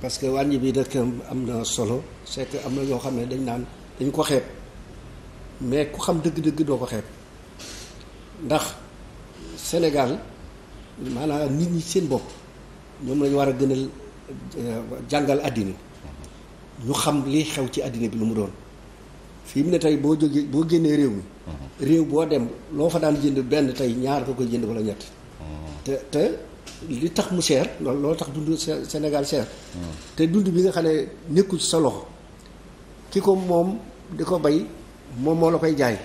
parce que wàññi bi rek am na solo c'est am na ñoo xam ne dañ naan dañ ko xeeb mais ku xam dëgg-dëgg doo ko xeeb ndax Sénégal maanaa nit ñi seen bopp ñoom lañu war a gënal euh, jàngal àddina ñu xam lii xew ci àddina bi lu mu doon fii mu ne tey boo jógee boo génnee réew mi réew boo dem loo fa daan jënd benn tey ñaar ko koy jënd wala ñett te te li tax mu cher loolu loolu tax dund senegal cher. te dund bi nga xam ne nekkul sa loxo ki ko moom di ko bay moom moo la koy jaay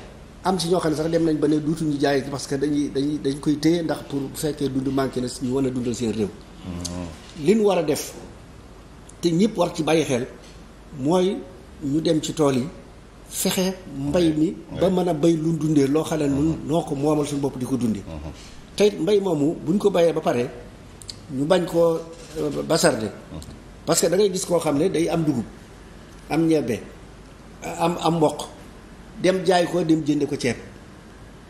am si ñoo xam ne sax dem nañ ba ne duutuñu jaay parce que dañuy dañu dañ koy téye ndax pour bu fekkee dund manqué na ñu war a dundal seen réew. Mm-hmm. li nu war a def te ñëpp war ci bàyyi xel mooy ñu dem ci tool yi. fexe mbay mi ba mën a bay lu dundee loo xam ne nun mhm. noo ko moomal suñu bopp di ko dundee mhm. tey mbay moomu buñ ko bayee ba pare ñu bañ koo euh, basarde mhm. parce que da ngay gis koo xam ne day am dugub am ñebbe am am mboq dem jaay koo dem jënde ko ceeb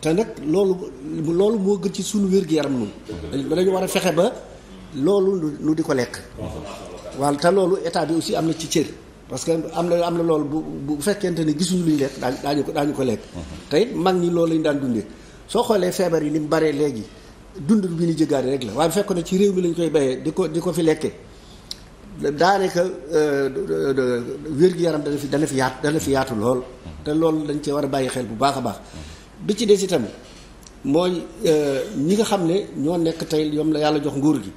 te nag loolu loolu moo gën ci suñu wér-gu-yaram nun dañu war a fexe ba loolu nu di ko lekk waaw te loolu état bi aussi am na ci cër parce que am na am na loolu bu bu fekkente ne gisuñu luñ lekk daa daañu ko daañu ko lekk tey it mag ñi loolu lañ daan dundee soo xoolee feebar yi ni mu baree léegi dund bi ñu jëggaani rek la waaye bu fekkoon ne ci réew mi lañ koy bayee di ko di ko fi lekkee daanaka euh, wér-gu-yaram dana fi dana fi yaatu lool te loolu dañ cee war a bàyyi xel bu baax a baax bi ci des itam mooy euh, ñi nga xam ne ñoo nekk tey yoom la yàlla jox nguur gi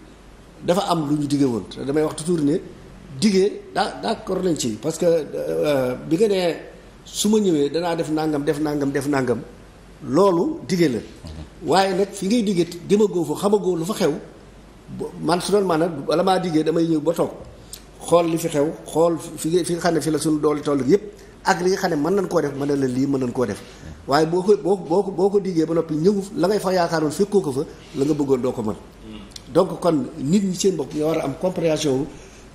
dafa am lu ñu dige woon te damay wax toujours ne digee daa d'accord nañ ci parce que euh, bi nga nee su ma ñëwee danaa def nangam def nangam def nangam loolu digee la waaye nag fi ngay digee demagoo fa xamagoo lu fa xew man su doon man nag bala maa digee damay ñëw ba toog xool li fi xew xool fi fi xam ne fi la suñu doole toll yëpp ak li nga xam ne mën nañ koo def mën na lii mën nañ koo def waaye boo ko boo boo boo ko digee ba noppi ñëw la ngay fa yaakaaroon fekkoo ko fa la nga bëggoon doo ko man hmm. donc kon nit ñi seen bopp ñoo war a am compréhension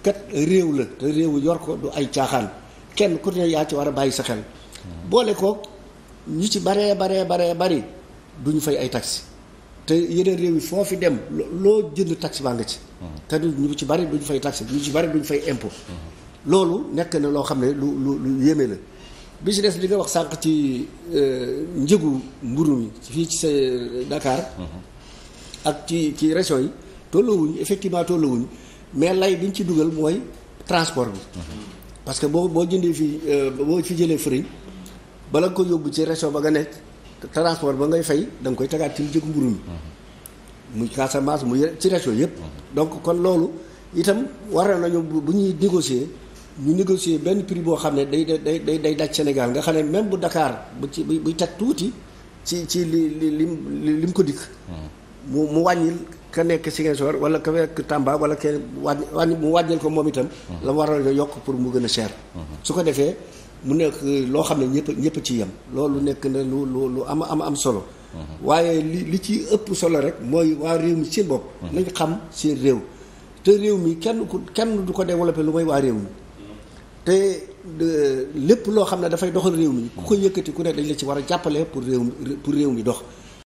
kat réew la te réew yor ko du ay caaxaan kenn ku yaa ci war a bàyyi sa xel boole ko ñu ci baree baree baree bari du ñu fay ay tax te yeneen réew yi foo fi dem loo jënd taxi baa nga ci te ñu ci bari du ñu fay taxi ñu ci bari du fay impôt loolu nekk na loo xam ne lu lu lu yéeme la bi si des li nga wax sànq ci euh, njëgu mburu mi fii ci sa euh, Dakar mhm. ak ci ci région yi tolluwuñ effectivement tolluwuñ mais lay bi ñu ci dugal mooy transport bi. parce que boo boo jëndee fii euh, boo fi jëlee fëriñ bala ko yóbbu ci région ba nga nekk transport ba ngay fay da nga koy tagaat ci njëgu mburu mi. muy Casamance muy ci région yëpp. donc kon loolu itam war nañu bu ñuy négocier ñu négocier benn prix boo xam ne day day day day daj Sénégal nga xam ne même bu Dakar bu ci buy teg tuuti ci ci li li lim ko dikk. mu mu wàññil ka nekk Ziguinchor wala ka nekk Tamba wala kenn wàññi wàññi mu wàññil ko moom itam. Mm-hmm. la war a yokk pour mu gën a cher. Mm-hmm. su ko defee mu nekk loo xam ne ñëpp ñëpp ci yem loolu nekk na lu lu lu am am am solo. Mm-hmm. waaye li li ci ëpp solo rek mooy waa réew mi seen bopp. nañ xam seen réew. te réew mi kenn ku kenn du ko développé lu may waa réew mi te lépp loo xam ne dafay doxal réew mi ku ko yëkkati ku ne dañ la ci war a jàppale pour réew pour réew mi dox.